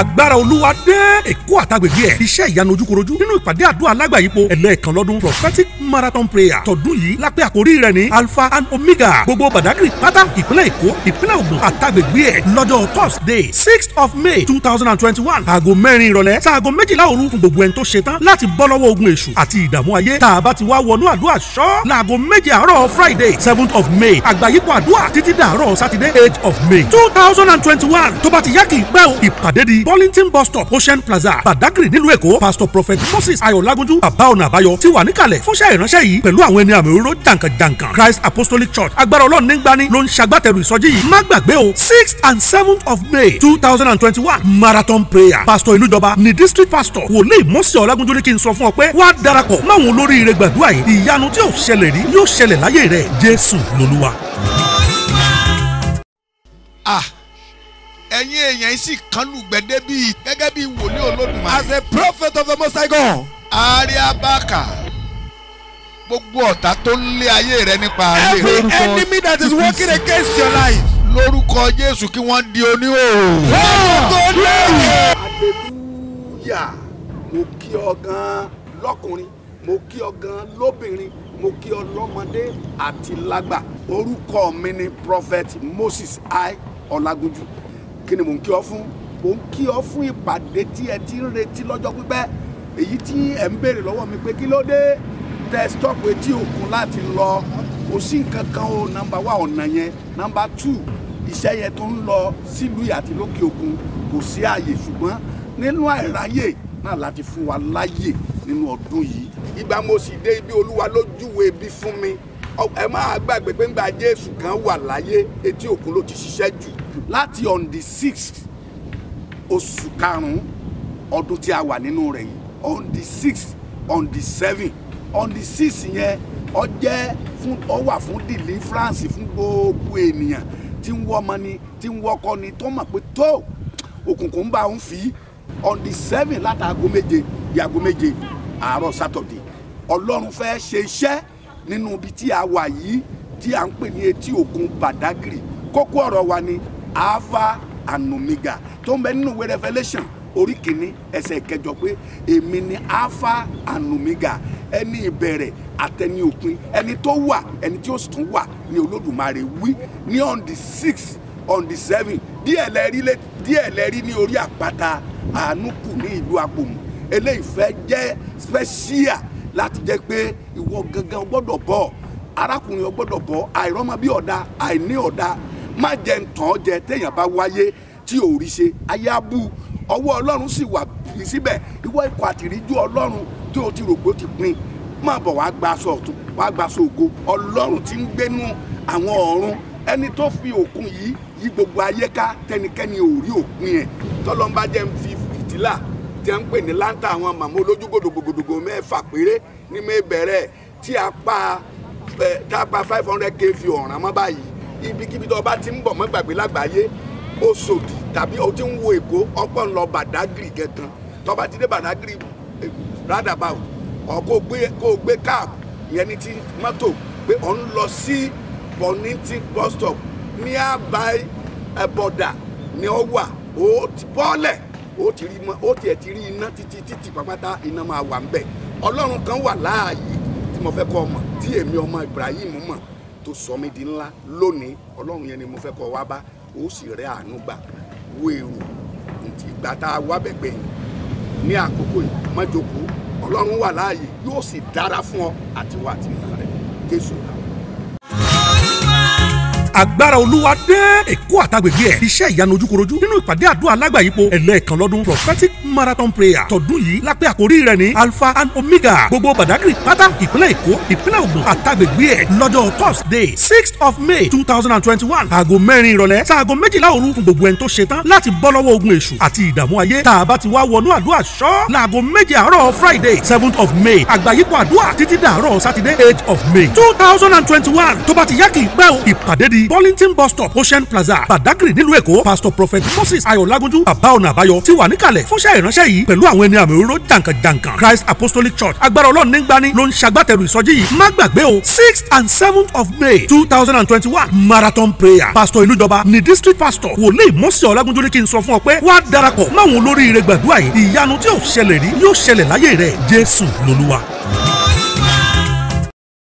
agbára olúwa dé èkó àtàgbègbè ẹ̀ iṣẹ́ ìyanu ojúkorojú nínú ìpàdé àdúrà alágbàyípo ẹlẹ́ẹ̀kan lọ́dún prophetic marathon prayer tọdún yìí lápẹ́ àkórí rẹ̀ ní alpha and omega gbogbo badagry pátá ìpínlẹ̀ èkó ìpínlẹ̀ ògùn àtàgbègbè ẹ̀ lọ́jọ́ thursday sixth of may two thousand and twenty-one aago mẹ́rin ìrọ̀lẹ́ sáago méjìlá òru fún gbogbo ẹni tó ṣe tán láti bọ́ lọ́wọ́ ogun èṣù àti ìdààmú ayé tá a bá ti wá wọnú àdúrà ṣọ́ láago méje àárọ̀ friday seventh of may àgbáyípo àdúrà títí dàárọ̀ saturday eight of may two thousand and twenty-one tó bá ti yá kì í pẹ́ o ìpàdé di burlington bus stop ocean plaza badagry nílùú èkó pastor prophet moses ayọ̀lágúnjú bàbá ọ̀nà àbáyọ ti wà níkàlẹ̀ fúnṣẹ́ ìránṣẹ́ yìí pẹ̀lú àwọn ẹni àmì òróró jàǹkànjàǹkàn christ apostolic church agbára ọlọ́run ní gbani ló ń ṣagbátẹrù ìsọjí yìí má gbàgbé o sixth and seventh of may two thousand and twenty-one marathon prayer pastor ìlújọba ni district pastor wòlíì Moses. ọ̀làgúnjú ní kí n sọ fún ọ pé wá darapọ̀ máwọn olóríire gbàdúrà yìí ìyanu tí ò yóò ṣẹlẹ̀ ah ẹ̀yin èèyàn yìí sì kánlu gbẹ̀dẹ́ bíi gẹ́gẹ́ bíi wòlíì olódùmarè. as a prophet of the most high God. ariabaka gbogbo ọ̀tá tó ń lé ayé rẹ nípa ayé rẹ. every enemy that is working against your life. lórúkọ jésù kí wọ́n di oníhòòhò. wọ́n tó lé. hallelujah mo kí ọ gan-an lọ́kùnrin mo kí ọ gan-an lóbìnrin mo kí ọ lọ́mọdé àti lágbà orúkọ mi ni prophet moses i ọlágúnjú kí ni mò ń kí ọ fún mò ń kí ọ fún ìpàdé tí ẹ ti ń retí lọ́jọ́ pípẹ́ èyí tí ẹ ń béèrè lọ́wọ́ mi pé kí ló dé tẹ etí òkun láti lọ kò sí nǹkan kan o nọ́mbà wa ọ̀nà yẹn nọ́mbà tù iṣẹ́ yẹn tó ń lọ sílùú àti lókè òkun kò sí ààyè ṣùgbọ́n nínú àìráyè náà láti fún wa láàyè nínú ọdún yìí ìgbà mo sì dé ibi olúwa lójúwe bí fún mi ẹ máa gbàgbé pé ńgbà jésù kan wà láyé etí òkun ló ti ṣiṣẹ́ jù láti on the sixth oṣù karùn-ún ọdún tí a wà nínú rẹ̀ yìí on the sixth on the seventh on the sixth yẹn ó jẹ́ fún ó wà fún deliverance fún gbogbo ènìyàn tí ń wọ́ ọmọ ni tí ń wọ́kọ ni tó mọ̀ pé tó òkùnkùn ń bá ń fi on the seventh látàgọ́ méje di aago méje àárọ̀ sátọ̀dẹ̀ ọlọ́run fẹ́ ṣe iṣẹ́ nínú ibi tí a wà yìí tí a ń pè ní etí òkun Badagry kókó ọ̀rọ̀ wa ni alpha and tó ń bẹ nínú ìwé Revelation orí kìíní ẹsẹ̀ kẹjọ pé èmi ni alpha and omega ẹni ìbẹ̀rẹ̀ àtẹni òpin ẹni tó wà ẹni tí ó sì tún wà ni olódùmarè wí ní on the six on the seven díẹ̀ lẹ́rí díẹ̀ lẹ́rí ní orí àpáta àánú kù ní ìlú apòmù eléyìí fẹ́ jẹ́ special láti jẹ́ pé ìwọ gangan gbọ́dọ̀ bọ̀ arákùnrin gbọ́dọ̀ bọ̀ àìrọ́mọ bí ọ̀dà àìní ọ̀dà má jẹ ntàn jẹ téèyàn bá wáyé tí ò rí ṣe ayé abú ọwọ́ ọlọ́run sì wà síbẹ̀ ìwọ ikọ̀ àtìríjú ọlọ́run tí o ti rò pé ó ti pin máa bọ̀ wàá gba aṣọ ọ̀tún wàá gba aṣọ ògo ọlọ́run ti ń gbénú àwọn ọ̀run ẹni tó fi òkun yìí yí gbogbo ayé ká tẹnikẹ́ni ò rí òpin ẹ̀ tọ́lọ́mbájẹ́ ń fi fìtílà tí a ń pè ní láńtà àwọn màmá olójú gbòdògbòdògbò mẹ́fà péré ní mẹ́bẹ̀rẹ̀ tí a pa tá a pa five hundred kv ọ̀ràn mọ́ báyìí ibikíbi tó bá ti ń bọ̀ mọ́ gbàgbé lágbàáyé Òṣòdì tàbí o ti ń wo Èkó ọ̀pọ̀ ń lọ Bàdágìrì gẹ̀gàn tó bá ti dé Bàdágìrì eh, roundabout ọ̀ kó gbé kó gbé cab ìyẹn ní ti mọ́tò pé ọ̀ ń lọ sí Bọ̀nìtì bus stop ní àbáyé ẹ̀bọ̀dà ni ó wà ó ti bọ́ọ̀lẹ̀ ó ti rí ó tiẹ̀ ti rí iná títí títí pàpàtà iná máa wà ń bẹ̀ ọlọ́run kan wà láàyè tí mo fẹ́ kọ́ ọmọ tí èmi ọmọ Ibrahim mọ̀ tó sọ mí di ńlá lónìí ọlọ́run yẹn ni mo fẹ́ kọ́ wá bá ó sì rẹ́ àánú gbà wo èrò ìgbà tá a wá bẹ̀gbẹ̀ yìí ní àkókò yìí má jókòó ọlọ́run wà láàyè yóò sì dára fún ọ àtiwọ́ àti ìyá rẹ̀ Jésù náà agbára olúwa dé èkó àtàgbègbè ẹ̀ iṣẹ́ ìyanu ojúkorojú nínú ìpàdé àdúrà alágbàyípo ẹlẹ́ẹ̀kan lọ́dún prophetic marathon prayer tọdún yìí lápẹ́ àkórí rẹ̀ ní alpha and omega gbogbo badagry pátá ìpínlẹ̀ èkó ìpínlẹ̀ ògùn àtàgbègbè ẹ̀ lọ́jọ́ thursday sixth of may two thousand and twenty-one aago mẹ́rin ìrọ̀lẹ́ sáago méjìlá òru fún gbogbo ẹni tó ṣe tán láti bọ́ lọ́wọ́ ogun èṣù àti ìdààmú ayé tá a bá ti wá wọnú àdúrà ṣọ́ láago méje àárọ̀ friday seventh of may àgbàyípo àdúrà títí dàárọ̀ saturday eight of may two thousand and twenty-one tó bá ti yá kì í pẹ́ o ìpàdé di ti Burlington bus stop Ocean Plaza Badagry nílùú Èkó Pastor Prophet Moses Ayọ̀lágúnjú bàbá ọ̀nà àbáyọ ti wà níkàlẹ̀ fúnṣẹ́ ìránṣẹ́ yìí pẹ̀lú àwọn ẹni àmì òróró jàǹkànjàǹkàn Christ Apostolic Church agbára ọlọ́run ní gbani ló ń ṣagbátẹrù ìsọjí yìí má gbàgbé o sixth and seventh of May two thousand and twenty-one marathon prayer Pastor Ìlújọba ni district pastor wòlíì Moses Ayọ̀lágúnjú ní kí n sọ fún ọ pé wá darapọ̀ máwọn olóríire gbàdúrà yìí ìyanu tí ò ṣẹlẹ̀ rí yóò ṣẹlẹ̀ láyé rẹ̀ Jésù lolúwa.